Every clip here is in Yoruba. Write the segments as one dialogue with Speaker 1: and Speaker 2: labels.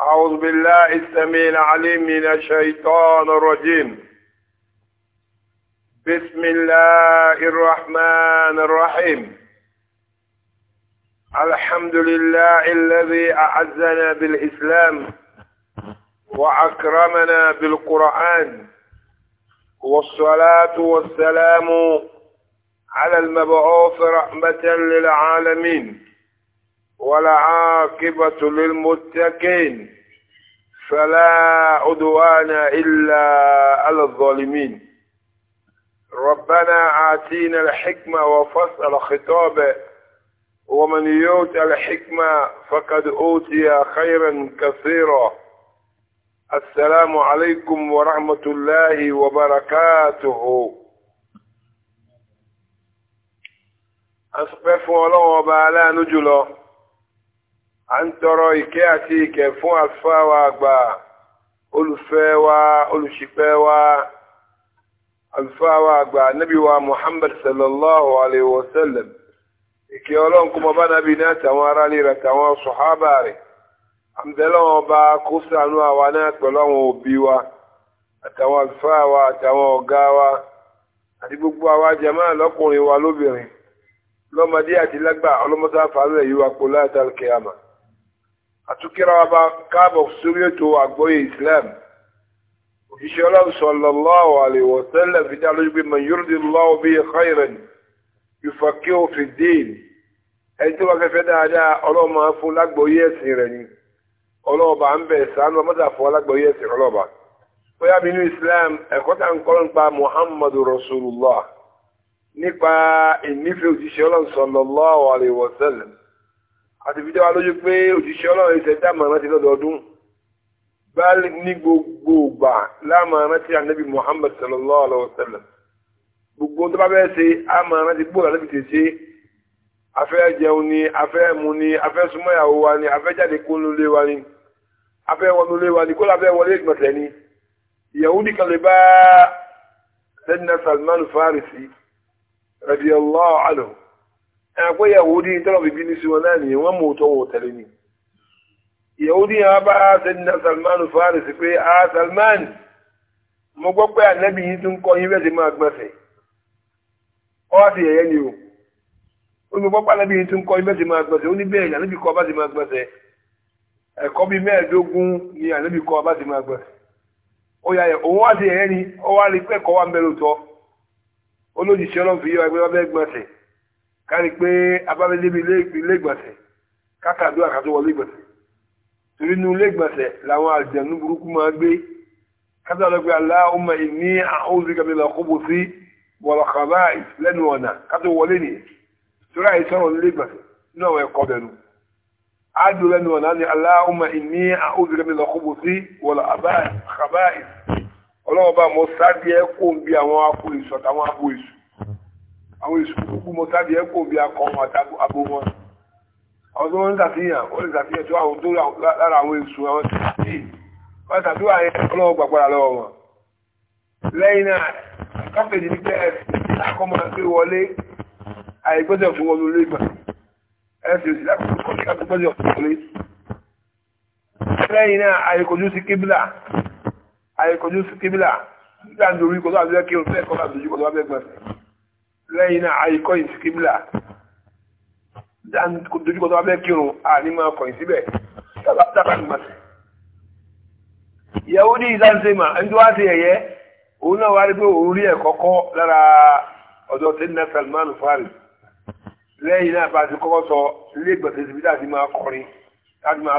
Speaker 1: أعوذ بالله السميع العليم من الشيطان الرجيم بسم الله الرحمن الرحيم الحمد لله الذي أعزنا بالإسلام وأكرمنا بالقرآن والصلاة والسلام على المبعوث رحمة للعالمين والعاقبة للمتقين فلا عدوان إلا على الظالمين ربنا آتينا الحكمة وفصل خطابه ومن يؤت الحكمة فقد أوتي خيرا كثيرا السلام عليكم ورحمة الله وبركاته أصبحوا الله وبعلا نجلا à ń tọrọ ìkẹ́ àti ìkẹ́ fún àlùfáà wa àgbà olùfẹ́ wa olùṣìpẹ̀ wa àlùfáà wa àgbà nábì wa Muhammad sallallahu alayhi wa sallam ìkẹ́ ọlọ́run kó mọ bá nábì náà tàwọn ará lè rà tàwọn sọ̀hábà rẹ̀ àmdẹ́lọ́wọ́n ọba kó sànú àwa náà pẹ̀lú àwọn òbí wa àtàwọn àlùfáà wa àtàwọn ọ̀gá wa àti gbogbo àwa jàmáà lọ́kùnrin wa lóbìnrin lọ́mọdé àti lágbà ọlọ́mọsáfà rẹ̀ yíwa kó láàtàlùkẹ́ àmà àtúkìrà wa bá káàbọ̀ sórí ètò àgbọ́yé Islam òṣìṣẹ́ ọlọ́run sallallahu alaihi wa sallam fi dá lójú pé man yuridillahu bihi khayran yufaqihu fid-din ẹni tó bá fẹ́fẹ́ dáadáa ọlọ́run máa fún lágbọ́yé ẹ̀sìn rẹ̀ ni ọlọ́ọ̀bà ń bẹ̀ sànú ọmọdé àfọwọ́ lágbọ́yé ẹ̀sìn ọlọ́ọ̀bà bóyá mi ní Islam ẹ̀kọ́ tá ń kọ́ nípa Muhammadu Rasulullah nípa ìnífẹ̀ẹ́ òṣìṣẹ́ ọlọ́run sallallahu alaihi wa àti fi dáwà lójú pé òṣìṣẹ́ ọlọ́run ìṣẹ́ dámọ̀ràn ti lọ́dọọdún bá ní gbogbo ògbà lámọ̀ràn ti ànábì Muhammad sallallahu alaihi wasallam gbogbo tó bá bẹ́ẹ̀ ṣe àmọ̀ràn ti gbòòrò ànábì tẹ̀ ṣe afẹ́ jẹun ni afẹ́ mu ni afẹ́ súnmọ́yàwó wa ni afẹ́ jáde kólólé wa ni afẹ́ wọnúlé wa ni kólà fẹ́ wọlé ìgbọ̀nsẹ̀ ni Yahudi kan lè bá Sayyidina Salman Farisi radiyallahu anhu ẹ̀pẹ́ ya tọ́lọ̀ bíbí ní síwọn náà nìyẹn wọ́n mú tọ́ wọ̀ ni yahudi yẹn bá sẹ́dínà salman faris pé a salman mo gbọ́ pé ànábì yìí tún kọ́ yín bẹ́ẹ̀ ti ni o ó ní gbọ́ pé ànábì yìí tún kọ́ yín bẹ́ẹ̀ ti máa gbọ́nsẹ̀ ó ní bẹ́ẹ̀ ni ó yà ni ó wá rí ń ọlọ́run fi yọ ẹgbẹ́ kárí pé abáwẹ́ débi ilé ìgbọ̀nsẹ̀ kátàdúrà kátó wọlé ìgbọ̀nsẹ̀ torí inú ilé ìgbọ̀nsẹ̀ làwọn àjẹnú burúkú máa gbé kátàdúrà pé Allahumma inni a'udhuka minal khubuthi wal khaba'ith lẹ́nu ọ̀nà kátó wọlé nìyẹn torí àìsọ̀rọ̀ ilé ìgbọ̀nsẹ̀ nínú àwọn ẹ̀kọ́ bẹ̀rù ádùn lẹ́nu ọ̀nà ni Allahumma inni a'udhuka minal khubuthi wal khaba'ith ọlọ́wọ́ bá mọ sáà àwọn ìṣùkú mọ tàbí ẹ kò bí akọ wọn àtàbò abo wọn àwọn tó ń tàfihàn ó lè tàfihàn tó àwọn tó lára àwọn èṣù àwọn tàbí wọn tàbí wà yẹn ọlọ́wọ́ gbàgbára lọ́wọ́ wọn lẹ́yìn náà káfíńdì ní pé ẹ̀sìn lákọ́mọ pé wọlé àìgbọ́dọ̀ fún wọn lórí ìgbà ẹ̀sìn òsì lákọ́mọ pé wọlé lẹ́yìn náà àìkọjú sí kíbílà àìkọjú sí kíbílà nígbà nítorí kọ́tọ́ àbúrẹ́kẹ́ òfẹ́ kọ́tọ́ àbúrẹ́kẹ́ òfẹ́ lẹ́yìn náà àìkọ́ ìsìkíbìlà dojúkọ tó wá fẹ́ kírun àní máa kọ̀yìn síbẹ̀ tábà ní màsí. ìyàwó ní ìdánsẹ́ mà ń tó wá sí ẹ̀yẹ òun náà wá rí pé òun rí ẹ̀kọ́ kọ́ lára ọ̀dọ̀ sẹ́dínà Salman Fari lẹ́yìn náà bá ti kọ́kọ́ sọ ilé ìgbọ̀nsẹ̀ síbi láti máa kọrin láti máa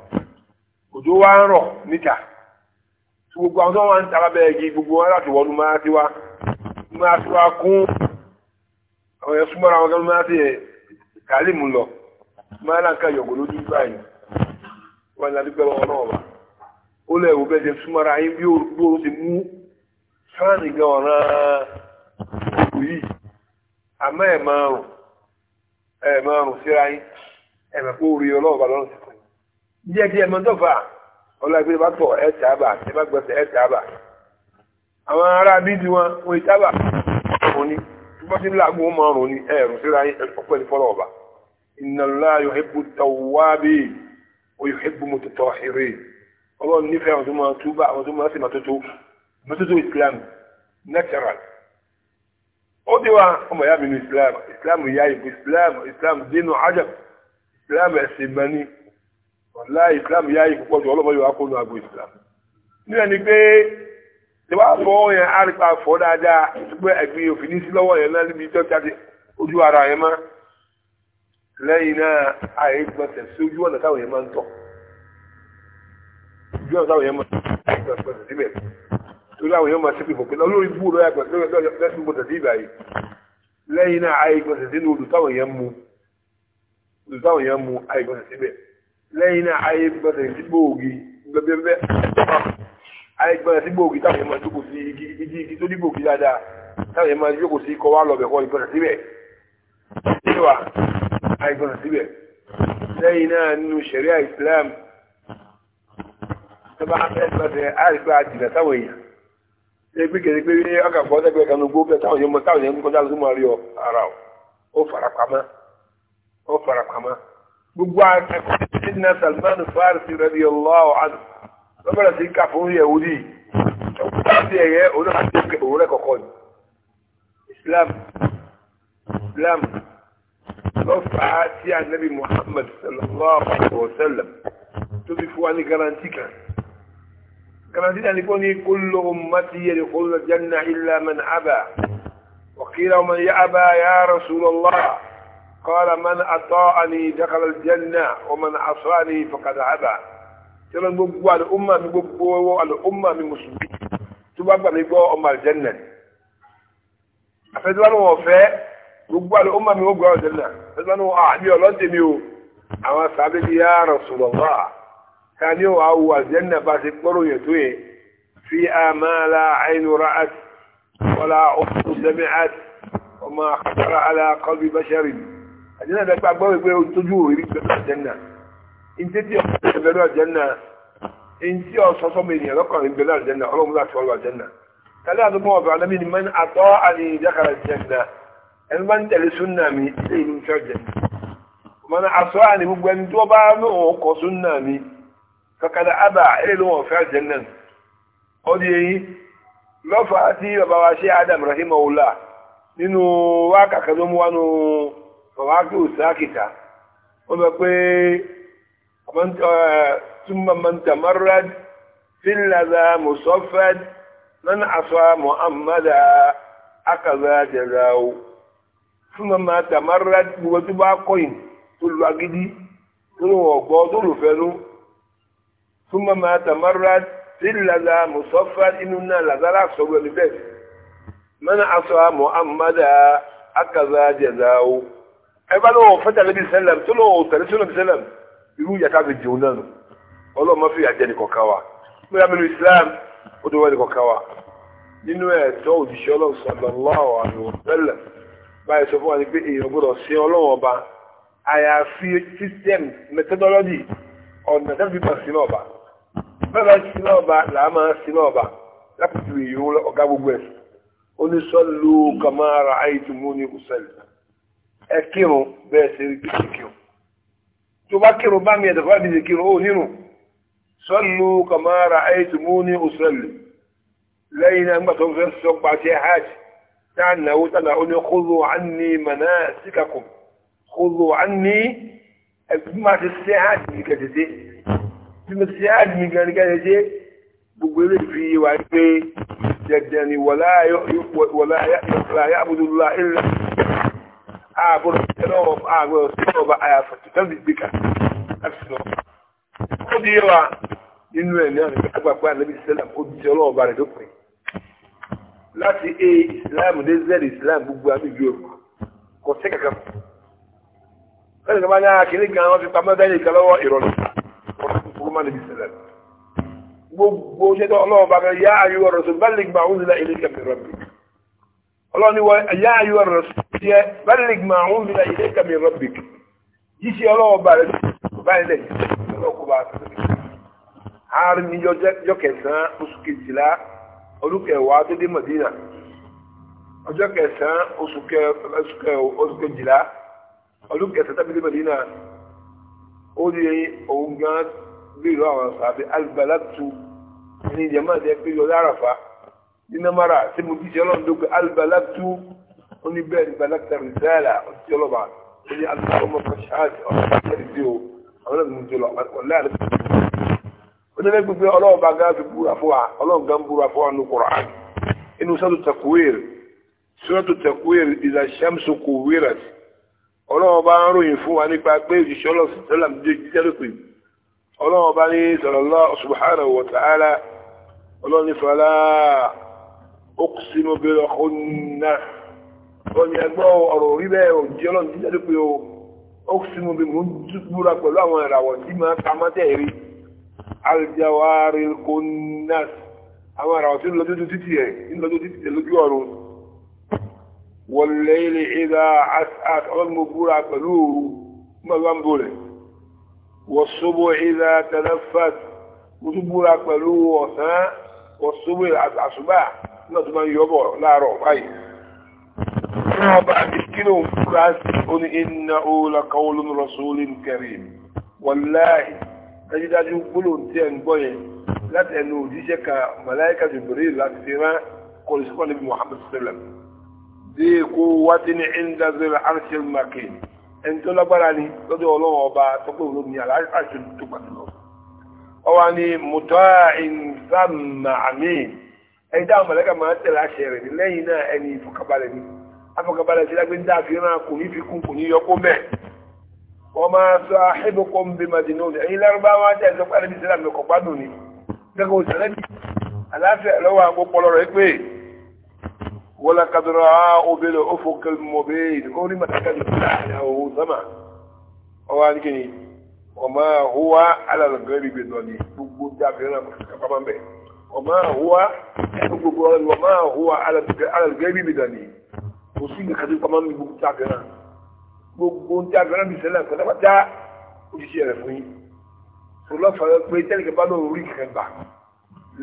Speaker 1: òjò wá ń rọ̀ níta tí gbogbo àwọn tó wà ń tara bẹ́ẹ̀ gi gbogbo wọn láti wọnú máa ti wá máa ti wá kún àwọn yẹn súnmọ́ra wọn kẹ́lú máa ti yẹ kálí mu lọ máa náà ká yọ̀gò lójú báyìí wọn ní adúgbò ẹ̀wọ̀n náà wà ó lẹ̀ wò bẹ́ẹ̀ ṣe súnmọ́ra yín bí ó ti mú sáànì gan ọ̀ràn òkú yìí àmọ́ ẹ̀ máa rùn ẹ̀ máa rùn síra yín ẹ̀ máa kó orí ọlọ́ọ̀bà lọ́rùn díẹ̀ díẹ̀ mọ́tọ́fà ọlọ́gbẹ́ bá pọ̀ ẹ̀ sábà ẹ bá gbọ́sẹ̀ ẹ̀ sábà àwọn ará bí di wọn wọn ìsábà ọ̀run ni bọ́ sí láàgbó wọn ọ̀run ni ẹ̀ rùn síra ọ̀pẹ́ ní fọ́lọ́ ọ̀bà ìnàlá yòóhébù tọ̀wábì òyòhébù mọ̀tòtò ìrè ọlọ́run nífẹ̀ẹ́ àwọn tó máa túbà àwọn tó máa sì máa tótó mọ́tótó Islam natural ó ti wá ọmọ ìyá mi ní Islam Islam ìyá Islam Islam dínú ajab Islam ẹ̀sìn mẹ́ni ọ̀la islam yá yìí púpọ̀ jù ọlọ́mọ yóò wá kó nu agbo islam nílẹ̀ ni pé tí wàá fọ́ yẹn àrípa fọ́ dáadáa pé ẹ̀gbìn òfin ní sí lọ́wọ́ yẹn náà níbi tó jáde ojú ara yẹn mọ́ lẹ́yìn náà àyè gbọ́sẹ̀ sí ojú ọ̀nà táwọn yẹn máa ń tọ̀ ojú ọ̀nà táwọn yẹn máa ń tọ̀ gbọ́sẹ̀ síbẹ̀ torí àwọn yẹn máa ṣe pípọ̀ pé olórí bú lọ́yà gbọ́sẹ̀ gbọ́sẹ̀ gbọ́sẹ̀ síbẹ̀ lẹ́yìn náà ayé gbọ́dọ̀ sí gbòògì gbẹgbẹgbẹ ayé gbọ́dọ̀ sí gbòògì ta ma máa jókòó sí igi igi to tó ní gbòògì dáadáa táwọn ma máa jókòó sí ikọ̀ wa lọ bẹ̀kọ́ ìgbọ́dọ̀ síbẹ̀ ṣé wa ayé gbọ́dọ̀ síbẹ̀ lẹ́yìn Islam tó bá fẹ́ gbọ́dọ̀ àìsàn àjìnà táwọn èèyàn ara gbogbo àtẹ̀síná salman farisi radiyallahu anhu lọ́bẹ̀rẹ̀ sí ká fún yẹ̀wúdí láti ẹ̀yẹ onáàtẹ̀ òwúrẹ́ kọ̀kọ́ ni islam islam lọ́fà tí a nẹ́bí muhammad sallallahu alaihi wa sallam tó fi fún wa ní garanti kan garanti náà ni kò ní kullu ummati yadkhulul janna illa man aba wa qila man ya'ba ya rasulallah قال من أطاعني دخل الجنة ومن عصاني فقد عبى ترى gbogbo al'umma mi gbogbo al'umma mi musulmi tó bá gbà mí gbọ́ ọmọ aljanna afẹ́tíwá náà wọ́n fẹ́ gbogbo al'umma mi gbogbo aljanna afẹ́tíwá náà wọ́n àbí ọlọ́dẹ̀ mi o àwọn sàbẹ̀ ti yá Rasulullah ká ní wọ́n àwọ̀ aljanna bá ti gbọ́rọ̀ yẹ̀ tó yẹ fi àmàlà àìnú ra'at wọ́lá ọ̀fọ̀ sami'at ọmọ àkàtàrà alá qalbi basharin àti náà dẹ́gbà gbọ́ wípé tójú òrí gbẹ́dọ̀ àjẹ́nà ìtẹ́tí ọ̀sán gbẹ́dọ̀ àjẹ́nà ìtí ọ̀sán sọ́mọ ènìyàn lọ́kàn gbẹ́dọ̀ àjẹ́nà ọlọ́run láti ọlọ́ àjẹ́nà kálí àdúgbò ọ̀bẹ alẹ́mí ni mẹ́ni àtọ́ àni ìdákàrà àjẹ́nà ẹni bá ń tẹ̀lé súnà mi ilé ìlú ìfẹ́ àjẹ́nà mọ́nà àsọ́ àni gbogbo ẹni tó bá lóun kọ súnà mi kọkàdà àbà ilé fọwájú sákìtà ó bẹ pé túnmọ̀ mọ̀ntàmọ́rẹ́d fílàdà mùsọ́fẹ́d nánà àṣọ mọ̀hàmmadà akàzà jẹ̀dáwó túnmọ̀ mọ̀ntàmọ́rẹ́d gbogbo tó bá kọ́yìn tó lu agídí nínú ọ̀gbọ́ tó lù fẹ́nu túnmọ̀ mọ̀ntàmọ́rẹ́d fílàdà mùsọ́fẹ́d inú náà làzára sọ̀rọ̀ níbẹ̀ nánà ẹ bá lọ́wọ́ fẹ́tà lẹ́bi sẹ́lẹ̀m tó lọ́wọ́ tẹ̀lé tó lọ́bi sẹ́lẹ̀m irú yàtá fi jẹun náà nù ọlọ́mọ fi àjẹ nìkan ká wa múra mi lu Islam ó dé wá nìkan ká wa nínú ẹ̀tọ́ òjíṣẹ́ ọlọ́run sallallahu alaihi wa sallam báyìí sọ fún wa ni pé èèyàn gbọ́dọ̀ sí ọlọ́run ọba àyàfi system methodology ọ̀nà tẹ́lifí bá sí náà ọba bẹ́ẹ̀ bá sí náà ọba làá máa sí náà ọba lápùtù ẹ kírun bẹ́ẹ̀ ṣe rí bíi kírun tó bá kírun bá mi ẹ̀dọ̀ fún àbíjì kírun ó nírun sọ́lù kàmáàrà ayétu mú ní òṣèlú lẹ́yìn náà nígbà tó ń fẹ́ sọ pa ṣe hajj táà náwó tàbí ó ní kúrò ánì mọ̀nà síkàkùn kúrò ánì ẹ̀bí máa ti ṣe hajj ní kẹ̀tẹ̀tẹ̀ tí mo ti ṣe hajj ní kẹ̀tẹ̀tẹ̀ gbogbo eré fi wà pé jẹ̀dẹ̀ ni wọ̀lá yàbùdùlá ilẹ̀ àgbọ̀rọ̀ sílẹ̀ ọba àgbọ̀rọ̀ sílẹ̀ ọba àyàfọ̀ títà bìbí kan láti sílẹ̀ ọba. ó di yé wa nínú ẹ̀ ní àwọn ìgbà àgbàgbà ànábì sẹ́lẹ̀ òjijì ọlọ́ọ̀ba rẹ̀ lópin. láti a islam dé z islam gbogbo àmì ìlú òkú kò sí ka sẹ́ni kan bá ní akéde kan wọ́n ti pa mẹ́tẹ́lì kan lọ́wọ́ ìrọ̀lẹ́ gbogbo ṣẹ́tọ́ ọlọ́ọ̀ba kan yá ayúwọ̀ ọrụ sọ bá ọ wọ sọ tiẹ̀ balik ma ń wuli ilé kàmi rọ́bìk yíṣẹ́ ọlọ́wọ́ bá rẹ̀ báyìí lẹ̀ ọlọ́kọ̀ bá rẹ̀ ààrùn ní ọjọ́ kẹsàn-án oṣù kejìlá ọdún kẹwàá tó dé Madina ọjọ́ kẹsàn-án oṣù kejìlá ọdún kẹsàn-án tó dé Madina ó di òun gan bèèrè àwọn sàbẹ̀ albalatu ní ìjẹ́mọ́ àti ẹgbẹ́ yọ lárafa ní namara tí mo jíṣẹ́ ọlọ́run dókè albalatu قل بالي بلغت رسالة قلت له بعد قل لي اللهم فاشهد أرسل فيه أولا من جلو ولا قل لك بي الله بقى في بورا فوعة الله قام بورا فوعة القرآن إنه سورة التكوير سورة التكوير إذا الشمس كورت ọlọ́wọ́ bá ń ròyìn fún wa nípa pé òṣìṣẹ́ ọlọ́sìn tẹ́lá jẹ́ lópin ọlọ́wọ́ bá ní sọ̀rọ̀lọ́ subhanahu wa ta'ala ọlọ́ni fàlá ó kù sínú bí lọ́kùn náà ọ̀nì ẹgbọ́ ọ̀rọ̀ orí bẹ́ẹ̀ òjì ọlọ́run ti jáde pé ó sì mú bí mò ń búra pẹ̀lú àwọn ìràwọ̀ tí máa ta mọ́tẹ́ rí aljawari konas àwọn ìràwọ̀ tí ń lọ lójú títì ẹ̀ ń lọ lójú títì ẹ̀ lójú ọ̀run wọlé ilé ìdá asas ọlọ́run mo búra pẹ̀lú òru mọ́lá ń bolẹ̀ wọ́sọ́bọ̀ ìdá tẹlẹfàt mo tún pẹ̀lú ọ̀sán wọ́sọ́bọ̀ ọlọ́run ọba àbíkínú fúra sí ó ní iná òòlàkà olómìnira sóòlì kẹrì wọláì dájúdájú gbólóhùn tí ẹ ń gbọ́ yẹn láti ẹnu òjíṣẹ́ ka màláìka Jibril láti fi rán kọlùsíkọ́ níbi Muhammad sallam dé kó wá dé ní indazil arshil maki ẹni tó lágbára ni lọ́dọ̀ ọlọ́run ọba tọ́pẹ́ òun ni aláṣẹ tó pàtó lọ. ọwọ́ ni mùtọ́ ìnsàmàmì ẹ̀dá màláìka máa tẹ̀lé àṣẹ rẹ̀ lẹ́yìn náà ẹni ìfọkàbalẹ̀ ni afọkàbalẹ̀ sí lágbé ń dá àfihàn náà kò ní fi kún kò ní yọkó mẹ́ wọ́n máa sọ àhẹ́bùkọ́ ń bẹ màdínà òní ẹ̀yin lárúbáwá jẹ́ ìsọpá níbi sílá mi kọ̀ gbádùn ni gẹ́gẹ́ o sẹ́lẹ̀ bí aláfẹ́ lọ́wọ́ àgbo pọlọ rẹ̀ pé wọ́n la kàdúrà obìnrin ó fọkẹ́ mọ̀ bẹ́ẹ̀ kó ní màtàkà ní ìlànà òun sọ́mà ọwọ́ àdìgẹ́ni ọmọ àhúwá alàlọ́gẹ́rì gbẹ̀dọ̀ni gbogbo dábìrin náà kọ̀ وما هو وما هو على على الجيب بدني kò sí ìgbà kàdé pamọ́ mi gbogbo tí a fẹ́ràn gbogbo tí a fẹ́ràn mi sẹ́lẹ̀ pẹ̀lú pátá òṣìṣẹ́ rẹ̀ fún yín kò lọ́fà rẹ̀ pé tẹ́lẹ̀kẹ́ bá lóun rí kẹ̀kẹ́ gbà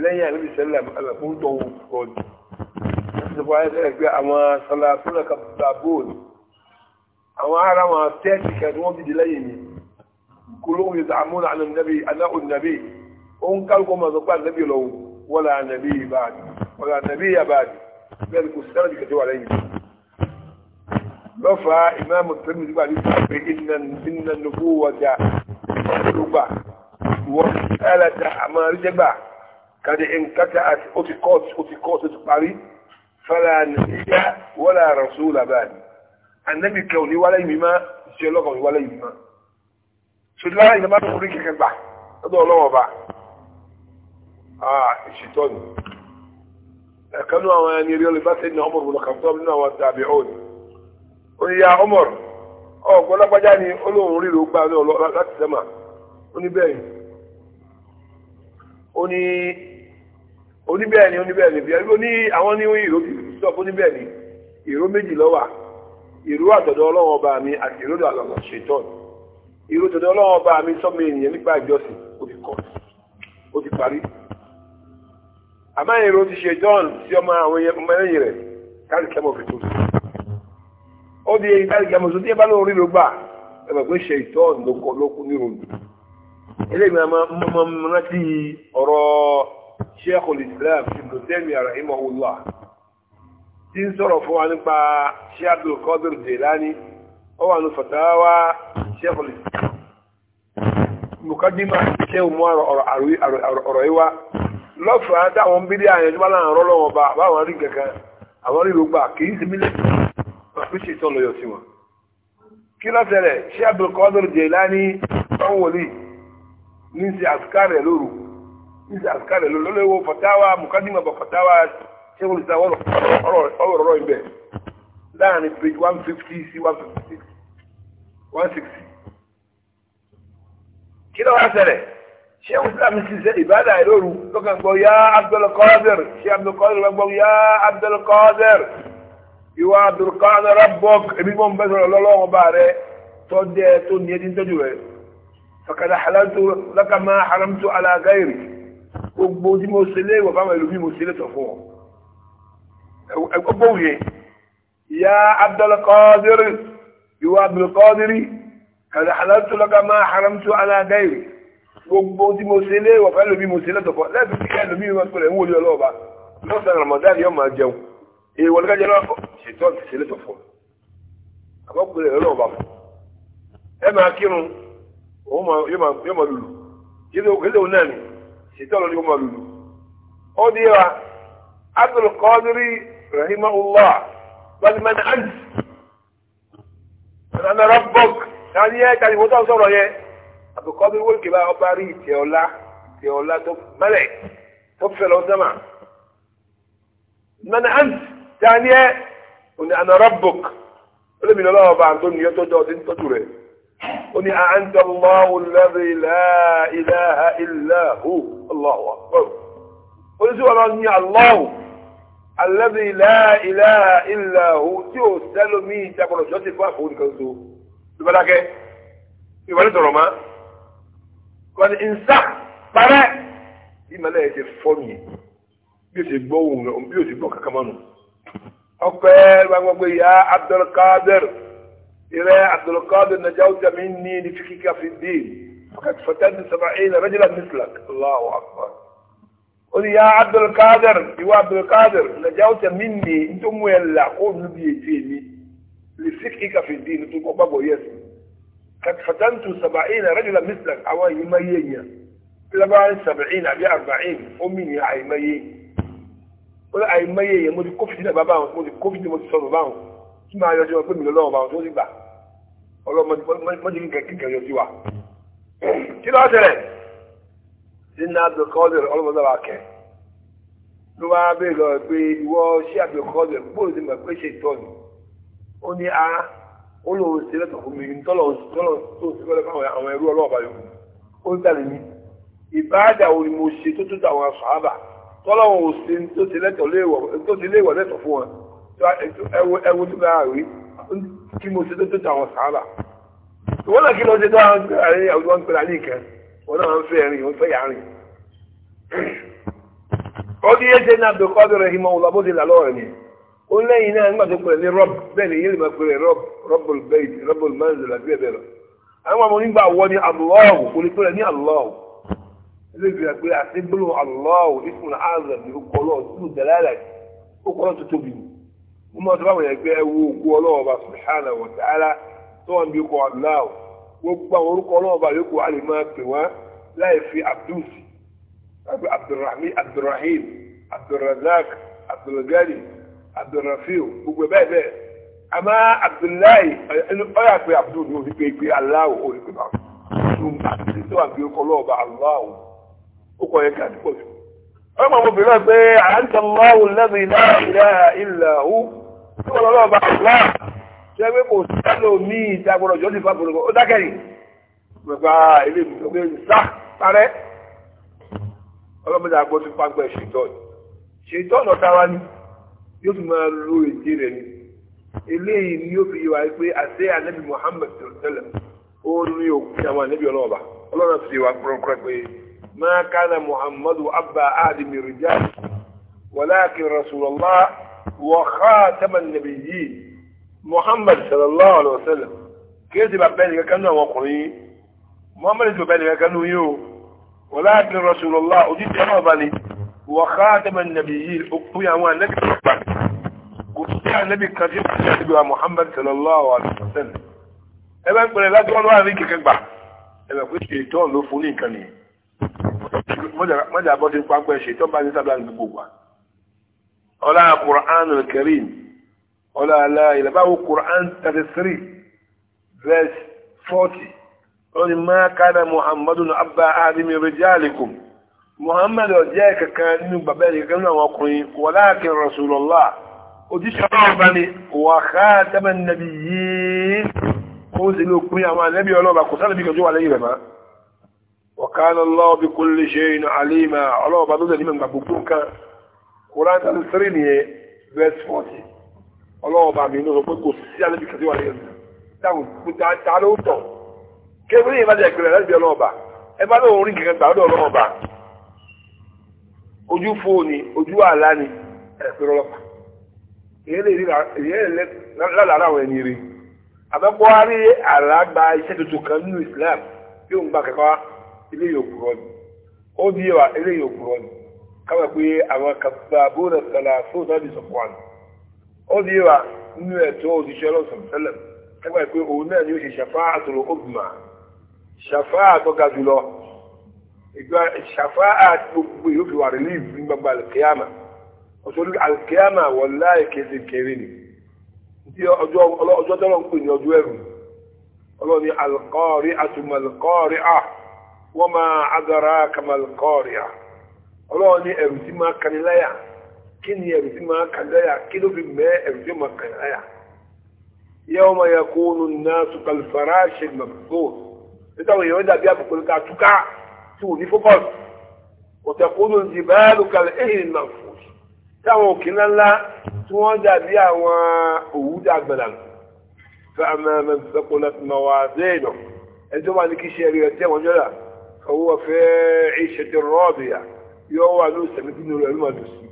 Speaker 1: lẹ́yìn àlẹ́ mi sẹ́lẹ̀ fún tọ́wọ́ kọ́ ni ìṣèpọ̀ ayé sẹ́lẹ̀ pé àwọn sọlá fúnlẹ̀ kan gba bóòlù àwọn ará wọn tẹ́ẹ̀sì kẹ́ tí wọ́n dìde lẹ́yìn mi kò lóun yóò dààmú àná nàbí àná ònàbí òun kálukọ́ mọ̀ رفع إمام الترمذي بعد إن إن النبوة ربع ومسألة أعمال جبع قد انقطعت أتقوت أتقوت تقاري فلا نبي ولا رسول بعد النبي كوني ولا يمما سيلوك ولا يمما سيلا إنما تقولي كبع هذا الله بع آه الشيطان كانوا يعني ريال بس إن عمر بن الخطاب إنه تابعون oníyà ọmọr ọ̀gbọ́n lápájá ni olóhùn ríro gbà ní ọlọ láti sẹ́mà oníbẹ̀yìn oní oníbẹ̀yìn oníbẹ̀yìn bí ẹgbẹ́ ní àwọn ní ìró sọ́ọ̀bù oníbẹ̀yìn ìró méjì lọ́wà ìró àtọ̀dọ̀ ọlọ́wọ́ ọba mi àti ìró àlọ́ ṣètọ́n ìró tọ̀dọ̀ ọlọ́wọ́ ọba mi sọ́mọ ènìyàn nípa ìjọsìn ó ti kọ́ ó ti parí àmọ́ ìró ti ṣètọ́n sí ọmọ àwọn ẹlẹ́yìn rẹ̀ káàkiri kẹ́mọ̀ fi tó sí ó di ẹyin a gbàmọ̀ sódì ẹ bá lóun rí ló gbà ẹ bẹ̀ pé ṣe ìtọ́ọ̀nù ló kọ lókun ní ròdù eléyìí máa mọ rántí ọ̀rọ̀ Sheikhul Islam Ibn Taymiyyah rahimahullah tí ń sọ̀rọ̀ fún wa nípa Sheikh Abdul Qadir ó wà ní fatawa mukadima ṣe mu ọ̀rọ̀ yìí lọ́wọ́ bá àwọn ọ̀pẹ́sì tó lọ yọ sí wọn kí ló tẹ̀lẹ̀ ṣé Abdulkadir Jilani ọ̀wọ̀lì ní ṣe àsìkárẹ̀ lóru ní ṣe àsìkárẹ̀ lóru lọ́lọ́wọ́ fatawa mukadima bọ̀ fatawa ṣé wọ́n ti ọ̀rọ̀ rọ̀ ibẹ̀ láàrin page one fifty sí one fifty six one sixty kí ló wá tẹ̀lẹ̀ ṣé wọ́n ti láàmì ṣiṣẹ́ ìbádà lóru lọ́kàn gbọ́ yá Abdulkadir ṣé Abdulkadir gbọ́ yá Abdulkadir ìwà àdùrùkánà rabbok ebi mọ́ bẹ́ sọ̀rọ̀ lọ́lọ́wọ́ bá rẹ tó dẹ́ tó ní ẹdín tọ́jú rẹ fakada halaltu laka ma haramtu ala gairi gbogbo tí mo ṣe léwọ̀ fáwọn ìlú mi mo ṣe létọ̀ fún ọ ẹgbogbo yẹ ya abdulkadir ìwà abdulkadir kada halaltu laka ma haramtu ala gairi gbogbo tí mo ṣe léwọ̀ fáwọn ìlú mi mo ṣe létọ̀ fún ọ lẹ́ẹ̀fì kí ẹlòmí wọn pẹ̀lẹ́ ń wọlé ọlọ́ọ̀ba lọ́sàn ramadan yóò máa jẹun èèwọ̀ ní ká jẹ ètò ìṣẹ̀lẹ̀ sọ̀fọ̀ àbọ̀gbẹ̀rẹ̀ rẹ̀ lọ́wọ́ bá fún ẹ máa kírun òun máa yóò máa lùlù yíyá òkèlè òun náà ni ètò ìṣẹ̀lẹ̀ yóò máa lùlù. ó di wa Abdul Qadir rahimahullah bali man aj nana rabbok tani yẹ tani wọ́n tó sọ̀rọ̀ yẹ Abdul Qadir wọ́n kì bá ọba rí ìtẹ̀ ọ̀la ìtẹ̀ ọ̀la tó mẹ́lẹ̀ tó fẹ́ lọ sẹ́mà man aj tani yẹ ó ní ana rabbuk ó lè mi lọ́wọ́ ọba àtó nìyẹn tó jọ ọdí ń tọ́jú rẹ̀ ó ní anta Allahu alladhi la ilaha illa hu Allahu akbar ó ní sí wọn ní Allahu alladhi la ilaha illa hu tí ò sẹ́lómi ìjàgbọ̀rọ̀ ṣọ́ọ̀tì fún àfọwọ́ nìkan so ìbádákẹ́ ìwọlé sọ̀rọ̀ ma wọ́n ní nsá parẹ́ ìmọ̀lẹ́ yẹn ti fọ́ mi bí o ti gbọ́ òun bí o ti gbọ́ kankan أكبر وأقول يا عبد القادر يا عبد القادر نجوت مني لفكك في الدين وقد فتن سبعين رجلا مثلك الله أكبر قل يا عبد القادر يا عبد القادر نجوت مني انتم وين لا قول نبي لفكك في الدين تقول بابو يسمي قد فتنت سبعين رجلا مثلك اوا يمينيا لبعض سبعين أبي أربعين أمين يا عيمين ó lọ àìmọye èèyàn mo ti kó fìdí náà bá báwọn mo ti kó fìdí mo ti sọnù báwọn tí máa yọjú wọn pé mi lọ́wọ́ báwọn tó ti gbà ọlọ́mọdé mọ́jú kíkẹ́ yọjú wa. kí ló ṣẹlẹ̀ nínú abdulkadir ọlọ́mọdé wa kẹ́ ló wá bẹ́ẹ̀ lọ pé ìwọ ṣé abdulkadir bóòlù ti mọ̀ pé ṣe ìtọ́ni ó ní a ó lò ó ṣe lẹ́tọ̀ fún mi tọ́lọ̀ tọ́lọ̀ tó ṣe fẹ́lẹ́ fáwọn àwọn ẹrú ọlọ́ọ̀bá yòókù ó ń tàlẹ́ mi ìbáàdà wo ni mo ṣe tó tó tàwọn sàábà tọ́lọ́wọ̀n ò sí tó ti léèwọ̀ lẹ́tọ̀ fún wọn ẹwọ tó bá rí kí mo ṣe tó tó tàwọn sàárà wọ́n náà kí lọ sí tó àwọn ń pèrè àníkẹ́ wọ́n náà ń fẹ́ rìn wọ́n fẹ́ yà rìn ó ní ẹsẹ̀ náà tó kọ́ bẹ̀rẹ̀ ìmọ̀ òun lọ́bọ̀ sí lálọ́ rẹ̀ ni ó lẹ́yìn náà nígbà tó pèrè ní rọ́b bẹ́ẹ̀ ni yé lè máa pèrè rọ́b rọ́bùl bẹ́ẹ̀ rọ́bùl mẹ́rin ilé ìgbìyà pé àti gbólóhùn aláwò ìfún ààrẹ ní okò ọlọ́ọ̀ tí ó dẹ̀lá rẹ̀ okò ọlọ́ọ̀ tó tóbi ni mo máa tọ́ba wọ̀nyẹn pé ẹwọ okò ọlọ́ọ̀ bá subhanahu wa ta'ala tó wọn bí okò aláwò gbogbo àwọn orúkọ ọlọ́ọ̀ bá yòókù a lè máa pè wọ́n láì fi abdus abdulrahman abdulrahim abdulrazak abdulgani abdulrafiu gbogbo bẹ́ẹ̀ abdul ní tó àti tó àbí okò aláwò ó kọ̀ yẹ káàdì pọ̀ jù ọmọ ọmọbìnrin náà pé àǹtà máwù lẹ́bìn náà ìlà ìlà ó tí wọ́n lọ́wọ́ bá wà tí wọ́n kò gbọ́dọ̀ ó dákẹ́rì ilé sá parẹ́ ọlọ́mọdé àgbọ̀ ti ni yóò fi máa lo èdè rẹ̀ ni eléyìí ni yóò fi wáyé pé ànábì ó ní òkú àwọn ànábì ọlọ́ọ̀bà ọlọ́run wá ما كان محمد أبا أحد رجال ولكن رسول الله وخاتم النبيين محمد صلى الله عليه وسلم كيف بابين كانوا وقري محمد بابين كانوا يو ولكن رسول الله أجيب أما بني وخاتم النبيين أقوي أما النبي قصي النبي كذب النبي محمد صلى الله عليه وسلم ẹgbẹ́ ń pẹ̀lẹ̀ láti wọ́n lọ́wọ́ àríkì kẹgbà ẹgbẹ́ pé ṣètọ́ ló fún ní mọ́jà bọ́ ti pápẹ́ ṣe tó bá ní sábà ní gbogbo wa ọlá Qur'an al-Karim ọlá aláìlẹ̀ báwo Qur'an 33 verse 40 lórí máa kára Muhammadu na abba adimi rijalikum Muhammadu jẹ́ kankan nínú bàbẹ́rẹ̀ kankan náà ọkùnrin walakin Rasulullah òjíṣẹ́ ọlọ́ọ̀bá ni wà khataman nabiyyin ó sì lè pín àwọn ànẹ́bí ọlọ́ọ̀bá kò sálẹ̀ bí kọjú wà lẹ́yìn rẹ̀ máa وكان الله بكل شيء عليما الله بعد ذلك من مبوكا قرآن السرين verse 40 الله بعد من نظر بكو سيانا بكثير عليه dáhùn kúta ta ló tọ̀ kébìrì yìí má jẹ́ ìpìlẹ̀ láti bí ọlọ́ọ̀bà ẹ bá lóun rí kankan gbàdọ̀ ọlọ́ọ̀bà ojú fóònù ojú àlá ni ẹ̀pẹ̀rẹ̀ ọlọ́pàá èyí lè rí lálàá àwọn ẹni rí àbẹ́kọ́ wá rí àlágbá iṣẹ́ tuntun kan nínú Islam yóò ń gbà kankan wá eléyìí òkúrọ ni ó di yẹ wa eléyìí òkúrọ ni káwé pé àwọn kàtàbó rẹ sọlá na di sọpọ àná ó di yẹ wa nínú ẹ̀tọ́ òṣìṣẹ́ ọlọsàn sẹlẹm káwé pé òun náà ni ó ṣe ṣàfá àtòrò òbímà ṣàfá àtọga jùlọ alkiyama wọ́n máa adara kàmàlùkọ́ọ̀rìà ọlọ́run ní ẹ̀rù tí máa kaniláyà kí ni ẹ̀rù tí máa kaniláyà kí ló fi mẹ́ ẹ̀rù tí máa kaniláyà yẹ́wọ́n máa yẹ kó nu náà sùkàlùfàrà ṣe mọ̀tò nítorí èèyàn dàbí àbùkù ká túká tí wò ní fókọ̀s òtẹ̀kùnú jìbẹ́ẹ̀lù kalẹ̀ ẹ̀yìn mọ̀fù táwọn òkè ńláńlá tí wọ́n dàbí àwọn òwú dàgbàdà fẹ́ àmọ́ wà ní kí ṣe ẹ̀rí ẹ̀ tẹ́wọ̀n jọ́dà هو في عيشة راضية يو عنو سمتين العلماء دوسي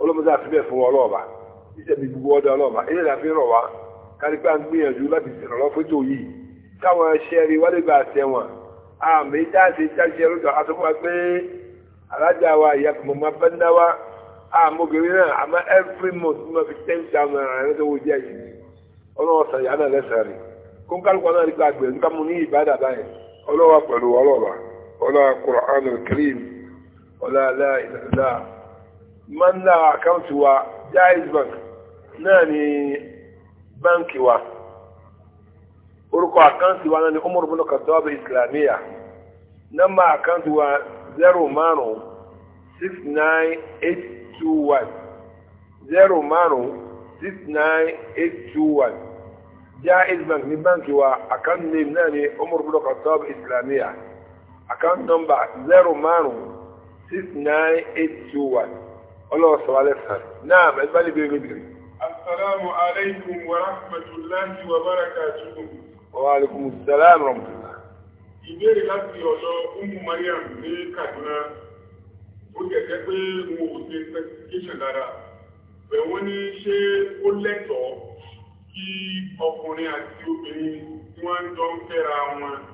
Speaker 1: ولو مزا في بيف هو رابع إذا رابع إذا لا في رابع كان يبقى جولة الله الشيري fi ten thousand naira lọ́dọ̀ owó díẹ̀ yìí ọlọ́wọ́ sàyà náà lẹ́sàárì kó ń kálukọ́ náà rí gbàgbé ولا قرآن الكريم ولا لا إله إلا الله من لا أكونت سوى جائز بنك ناني بنك هو أرقى أكونت هو ناني أمر بن الخطاب الإسلامية نما أكونت هو زيرو مانو 69821 زيرو مانو 69821 جائز بنك من بنك هو أكونت ناني أمر بن الخطاب الإسلامية account number zero márùn six nine eight two one ọlọ́wọ́ sọ wálé sàn náà mẹ́tí bá lè bèrè bèrè.
Speaker 2: asalaamu aleykum wa rahmatulahi wa barakatuhu.
Speaker 1: wa aleykum salaam wa rahmatulah.
Speaker 2: ìbéèrè láti ọ̀dọ̀ umu mariam ní kaduna ó jẹ̀jẹ̀ pé mo ò ṣe specification dára bẹ́ẹ̀ wọ́n ní ṣé ó lẹ́tọ̀ọ́ kí ọkùnrin àti obìnrin tí wọ́n ń jọ ń fẹ́ra wọn.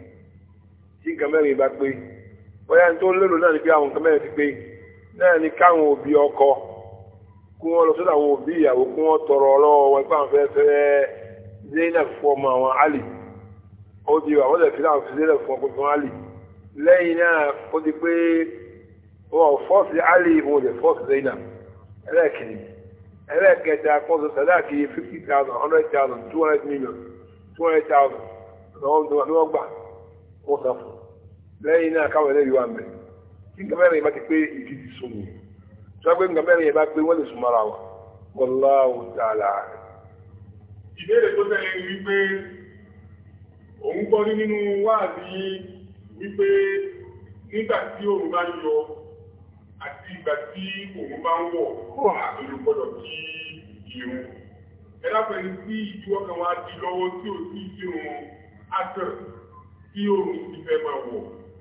Speaker 1: tí nǹkan mẹ́rin bá pé bóyá ní tó lérò náà ni pé àwọn nǹkan mẹ́rin ti pé náà ni káwọn òbí ọkọ kí wọ́n lọ sọ́dọ̀ àwọn òbí ìyàwó kí wọ́n tọrọ ọlọ́wọ́ wọn pé àwọn fẹ́ẹ́ fẹ́ẹ́ Zainab fún ọmọ àwọn Ali ó di àwọn ọ̀dẹ̀ fi láwọn fi Zainab fún ọkọ fún Ali lẹ́yìn náà ó di pé wọn ò fọ́ọ̀sì Ali wọn ò lè fọ́ọ̀sì Zainab ẹlẹ́ẹ̀kìnì ẹlẹ́ẹ̀kẹta kọ́ńtò sàdáàkì fifty thousand hundred thousand two hundred million two hundred thousand lọ́wọ́ gbà wọ́n sọ fún lẹ́yìn náà káwọn ẹlẹ́rìí wà mẹ́ tí nǹkan mẹ́rin bá ti pé ìdí ti sùn mí tí wọ́n pé nǹkan mẹ́rin yẹn bá pé wọ́n lè sùn mọ́ra wọn wallahu ta'ala.
Speaker 2: ìbéèrè tó tẹ̀lé wípé òun gbọ́ rí nínú wáàbí wípé nígbà tí òun bá yọ àti ìgbà tí òun bá ń wọ̀ oh. àtòlù gbọ́dọ̀ kí irun ẹlápẹ̀lú sí ìdíwọ́ kan wá di lọ́wọ́ tí ò sí ìṣirun àtẹ̀ tí òun ti fẹ́ máa wọ̀.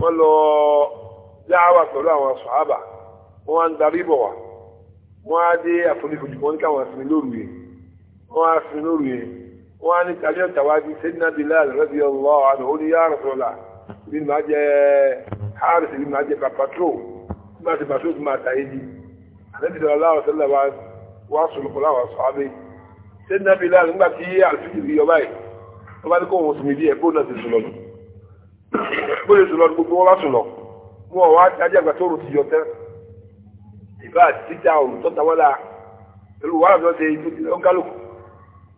Speaker 1: wọ́n lọ dáhàwà pẹ̀lú àwọn sàhábà wọ́n á ń darí bọ̀ wá wọ́n á dé àfonífojì wọ́n ní káwọn sinmi lóru yẹn wọ́n á sinmi lóru yẹn wọ́n á ní tàbí ọ̀tàwádìí sayyidina Bilal radiyallahu anhu ó ní ya Rasulullah bí màá jẹ Harith bí màá jẹ papatro bí màá jẹ papatro bí màá tàyé di àlẹ́ bìtẹ̀ aláwọ̀ sẹ́lẹ̀ wá sọ̀rọ̀ pẹ̀lú àwọn sàhábà bóyá sùn gbogbo wọn bá sùn lọ wọn wá ajé àgbà tó rò yọ tán ìbá títà olùtọ́ta wọn la olùwà àbúrò ṣe ìlú ọ̀gálùkù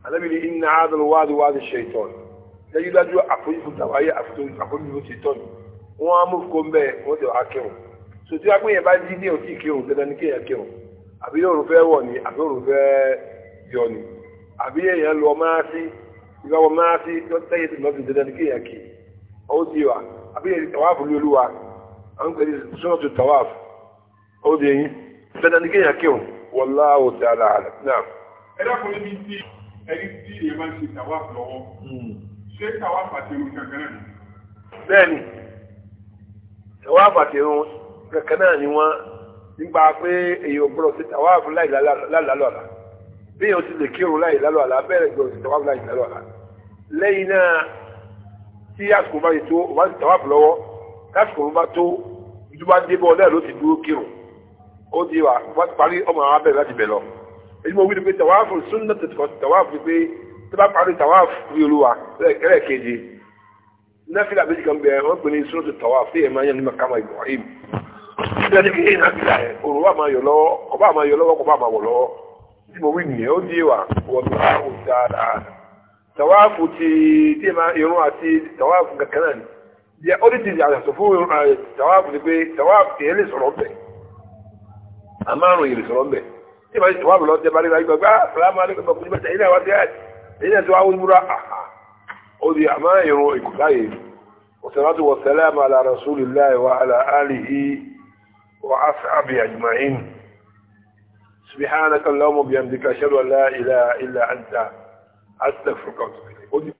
Speaker 1: alábìlì iná àdàlù wáàdù wáàdù ṣètọ́n dájúdájú àfojúfò tàwáyé àfojúfò ṣètọ́n wọn á mú kó ń bẹ́ẹ̀ wọ́n ti wà á kírun sòtú agbóyè bá jí ní òtí dandan ní kéèyàn kírun àbí fẹ́ wọ̀ ni àbí fẹ́ yọ ni àbí lọ máa sí máa sí tó lọ́ọ́ fi ó di wa àbí ẹni tàwáàfù ní olúwa à ń pè ní sọ́ọ̀tù tàwáàfù ó di eyín dandan ní kéèyàn kí o wallahu ta'ala alam náà.
Speaker 2: ẹ dákun níbi tí ẹni tí èèyàn máa ń ṣe tàwáàfù lọ́wọ́ ṣé tàwáàfù àti irun kankan náà ni.
Speaker 1: bẹ́ẹ̀ni tàwáàfù àti irun kankan náà ni wọ́n nígbà pé èèyàn gbọ́dọ̀ ṣe tàwáàfù láì lálọ́ àlá bí èèyàn ti lè kírun láì lálọ́ àlá bẹ́ẹ̀ lẹ́yìn náà tí àsìkò bá yẹ tó o bá ti tàwáàfù lọ́wọ́ lásìkò bá tó ìdú bá dé bọ́ náà ló ti dúró kírun ó di wa wá parí ọmọ àwọn abẹ́rẹ́ láti bẹ̀ lọ. èyí mo wí ni pé tàwáàfù súnà tètè tàwáàfù pé tó bá parí tàwáàfù rí olúwa ẹlẹ́ẹ̀kejì náfìlà méjì kan bẹ wọ́n pè ní súnà tètè tàwáàfù èyí máa ń yàn ní makama Ibrahim. ìgbà tí kì í náfìlà yẹn òrùwà máa yọ lọ́wọ́ kọ̀ọ̀bá tawaafu ti tí ma irun àti tawaafu kankan náà ni yẹ ó ní ti yàtọ̀ fún irun àti tawaafu ni pé tawaafu yẹn lè sọ̀rọ̀ bẹ̀ àmàrùn yẹn lè sọ̀rọ̀ bẹ̀ tí ma ṣe tawaafu lọ tẹ́bàrí la gbàgbá fúlàmù alẹ́gbẹ̀gbà kùnú bẹ́tẹ̀ ilé àwọn tẹ́yà ilé tí ah, wàá wúra àhà ó di àmà irun ìkùlá yẹn wasalatu wasalamu ala rasulillahi wa ala alihi wa ashabi ajma'in subhanaka allahumma bihamdika ashhadu an la ilaha illa anta àti tẹ̀fọ́kà
Speaker 2: ọ̀tún